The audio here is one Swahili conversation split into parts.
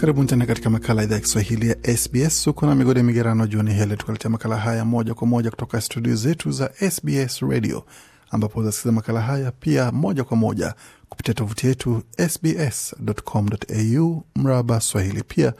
Karibuni tena katika makala idhaa ya Kiswahili ya SBS. Uko na migodi ya migerano jioni hele, tukaletea makala haya moja kwa moja kutoka studio zetu za SBS Radio, ambapo uzasikiliza makala haya pia moja kwa moja kupitia tovuti yetu sbs.com.au mraba swahili. Pia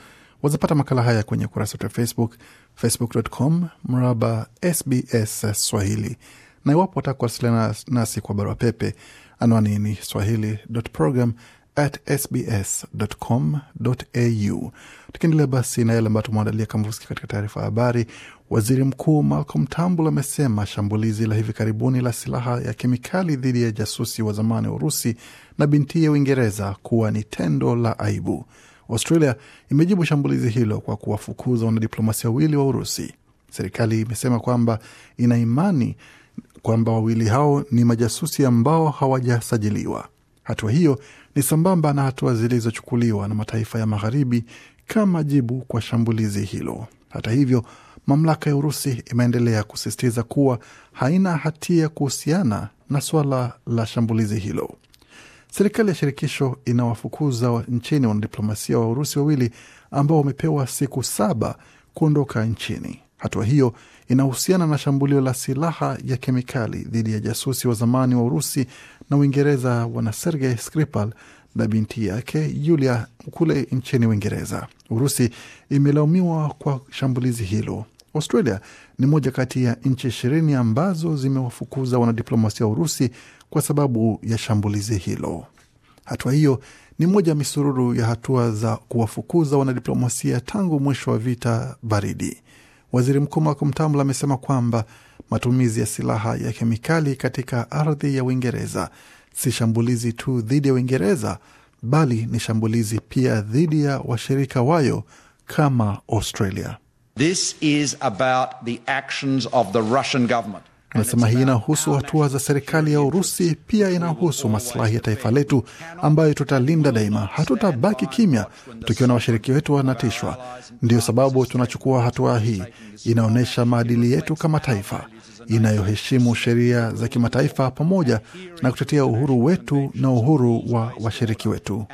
wazapata makala haya kwenye ukurasa wetu wa Facebook, facebook.com mraba SBS Swahili, na iwapo wataka kuwasiliana nasi kwa barua pepe, anwani ni swahili.program at sbs.com.au. Tukiendelea basi na yale ambayo tumeandalia kama usikia katika taarifa ya habari, waziri mkuu Malcolm Turnbull amesema shambulizi la hivi karibuni la silaha ya kemikali dhidi ya jasusi wa zamani wa Urusi na binti ya Uingereza kuwa ni tendo la aibu. Australia imejibu shambulizi hilo kwa kuwafukuza wanadiplomasia wawili wa Urusi. Serikali imesema kwamba ina imani kwamba wawili hao ni majasusi ambao hawajasajiliwa. Hatua hiyo ni sambamba na hatua zilizochukuliwa na mataifa ya magharibi kama jibu kwa shambulizi hilo. Hata hivyo, mamlaka ya Urusi imeendelea kusisitiza kuwa haina hatia kuhusiana na suala la shambulizi hilo. Serikali ya shirikisho inawafukuza nchini wanadiplomasia wa Urusi wawili ambao wamepewa siku saba kuondoka nchini. Hatua hiyo inahusiana na shambulio la silaha ya kemikali dhidi ya jasusi wa zamani wa Urusi na Uingereza bwana Sergei Skripal na binti yake Yulia kule nchini Uingereza. Urusi imelaumiwa kwa shambulizi hilo. Australia ni moja kati ya nchi ishirini ambazo zimewafukuza wanadiplomasia wa Urusi kwa sababu ya shambulizi hilo. Hatua hiyo ni moja ya misururu ya hatua za kuwafukuza wanadiplomasia tangu mwisho wa vita baridi. Waziri Mkuu Malcolm Turnbull amesema kwamba matumizi ya silaha ya kemikali katika ardhi ya Uingereza si shambulizi tu dhidi ya Uingereza bali ni shambulizi pia dhidi ya washirika wayo kama Australia. This is about the actions of the Russian government. Anasema hii inahusu hatua za serikali ya Urusi, pia inahusu maslahi ya taifa letu ambayo tutalinda daima. Hatutabaki kimya tukiona washiriki wetu wanatishwa. Ndiyo sababu tunachukua hatua hii. Inaonyesha maadili yetu kama taifa, inayoheshimu sheria za kimataifa pamoja na kutetea uhuru wetu na uhuru wa washiriki wetu.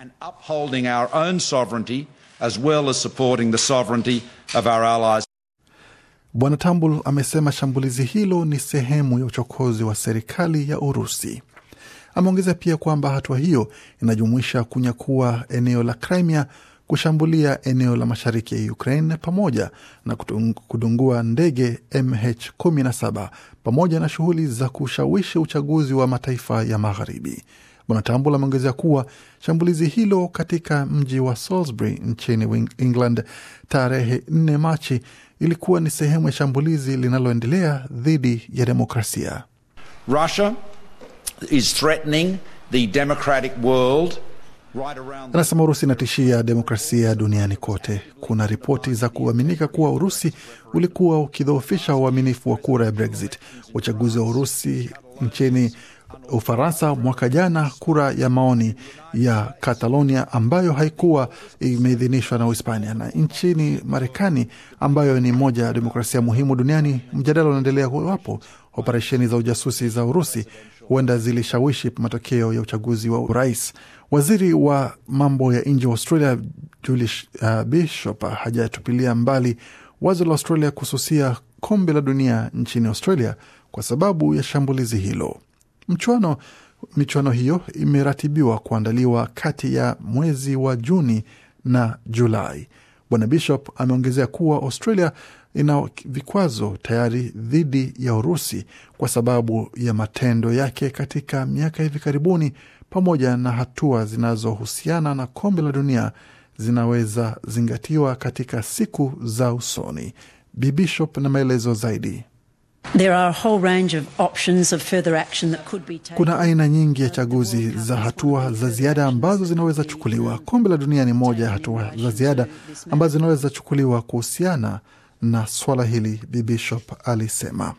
As well as supporting the sovereignty of our allies Bwana Tambul amesema shambulizi hilo ni sehemu ya uchokozi wa serikali ya Urusi. Ameongeza pia kwamba hatua hiyo inajumuisha kunyakua eneo la Crimea, kushambulia eneo la mashariki ya Ukraine pamoja na kudungua ndege MH17 pamoja na shughuli za kushawishi uchaguzi wa mataifa ya magharibi. Bwana Tambul ameongezea kuwa shambulizi hilo katika mji wa Salisbury nchini England tarehe 4 Machi ilikuwa ni sehemu ya shambulizi linaloendelea dhidi ya demokrasia. Russia is threatening the democratic world Anasema Urusi inatishia demokrasia duniani kote. Kuna ripoti za kuaminika kuwa Urusi ulikuwa ukidhoofisha uaminifu wa kura ya Brexit. Uchaguzi wa Urusi nchini Ufaransa mwaka jana, kura ya maoni ya Catalonia ambayo haikuwa imeidhinishwa na Uhispania, na nchini Marekani ambayo ni moja ya demokrasia muhimu duniani, mjadala unaendelea wapo operesheni za ujasusi za Urusi huenda zilishawishi matokeo ya uchaguzi wa urais. Waziri wa mambo ya nje wa Australia Julish, uh, Bishop hajatupilia mbali wazo la Australia kususia kombe la dunia nchini Australia kwa sababu ya shambulizi hilo. Mchuano michuano hiyo imeratibiwa kuandaliwa kati ya mwezi wa Juni na Julai. Bwana Bishop ameongezea kuwa Australia ina vikwazo tayari dhidi ya Urusi kwa sababu ya matendo yake katika miaka hivi karibuni, pamoja na hatua zinazohusiana na kombe la dunia zinaweza zingatiwa katika siku za usoni. Bi Bishop na maelezo zaidi. Kuna aina nyingi ya chaguzi za hatua za ziada ambazo zinaweza chukuliwa. Kombe la Dunia ni moja ya hatua za ziada ambazo zinaweza chukuliwa kuhusiana na swala hili, Bi Bishop alisema.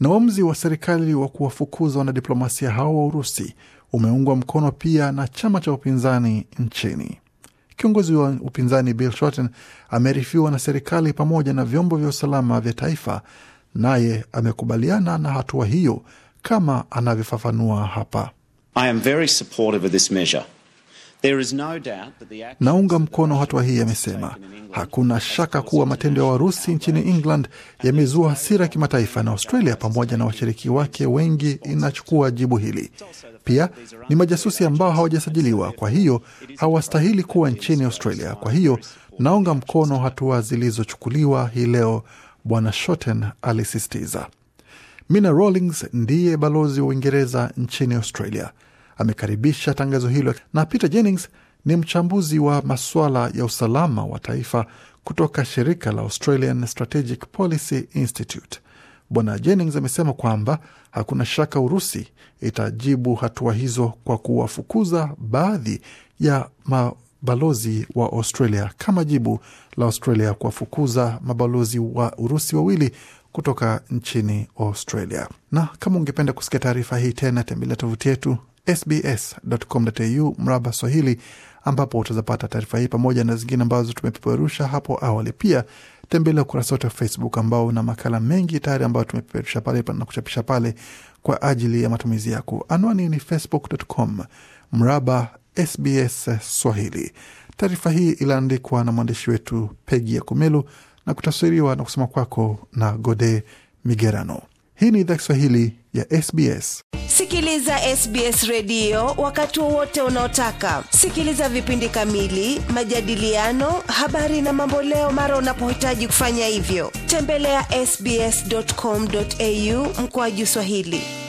Na uamuzi wa serikali wa kuwafukuza wanadiplomasia hao wa Urusi umeungwa mkono pia na chama cha upinzani nchini. Kiongozi wa upinzani Bill Shorten amerifiwa na serikali pamoja na vyombo vya usalama vya taifa naye amekubaliana na hatua hiyo kama anavyofafanua hapa. I am very supportive of this measure. No naunga mkono hatua hii, amesema. Hakuna shaka kuwa matendo ya Warusi nchini England yamezua hasira ya kimataifa, na Australia pamoja na washiriki wake wengi inachukua jibu hili. Pia ni majasusi ambao hawajasajiliwa, kwa hiyo hawastahili kuwa nchini Australia. Kwa hiyo naunga mkono hatua zilizochukuliwa hii leo Bwana Shoten alisisitiza. Mina Rawlings ndiye balozi wa Uingereza nchini Australia, amekaribisha tangazo hilo, na Peter Jennings ni mchambuzi wa masuala ya usalama wa taifa kutoka shirika la Australian Strategic Policy Institute. Bwana Jennings amesema kwamba hakuna shaka Urusi itajibu hatua hizo kwa kuwafukuza baadhi ya ma balozi wa Australia kama jibu la Australia kuwafukuza mabalozi wa Urusi wawili kutoka nchini Australia. Na kama ungependa kusikia taarifa hii tena, tembelea tovuti yetu sbs.com.au mraba Swahili, ambapo utazapata taarifa hii pamoja na zingine ambazo tumepeperusha hapo awali. Pia tembelea ukurasa wote wa Facebook ambao una makala mengi tayari ambayo tumepeperusha pale na kuchapisha pale kwa ajili ya matumizi yako. Anwani ni facebook.com mraba SBS Swahili. Taarifa hii iliandikwa na mwandishi wetu Pegi ya Kumelu na kutafsiriwa na kusoma kwako na Gode Migerano. Hii ni idhaa Kiswahili ya SBS. Sikiliza SBS redio wakati wowote unaotaka. Sikiliza vipindi kamili, majadiliano, habari na mamboleo mara unapohitaji kufanya hivyo. Tembelea ya sbs.com.au mkoaju Swahili.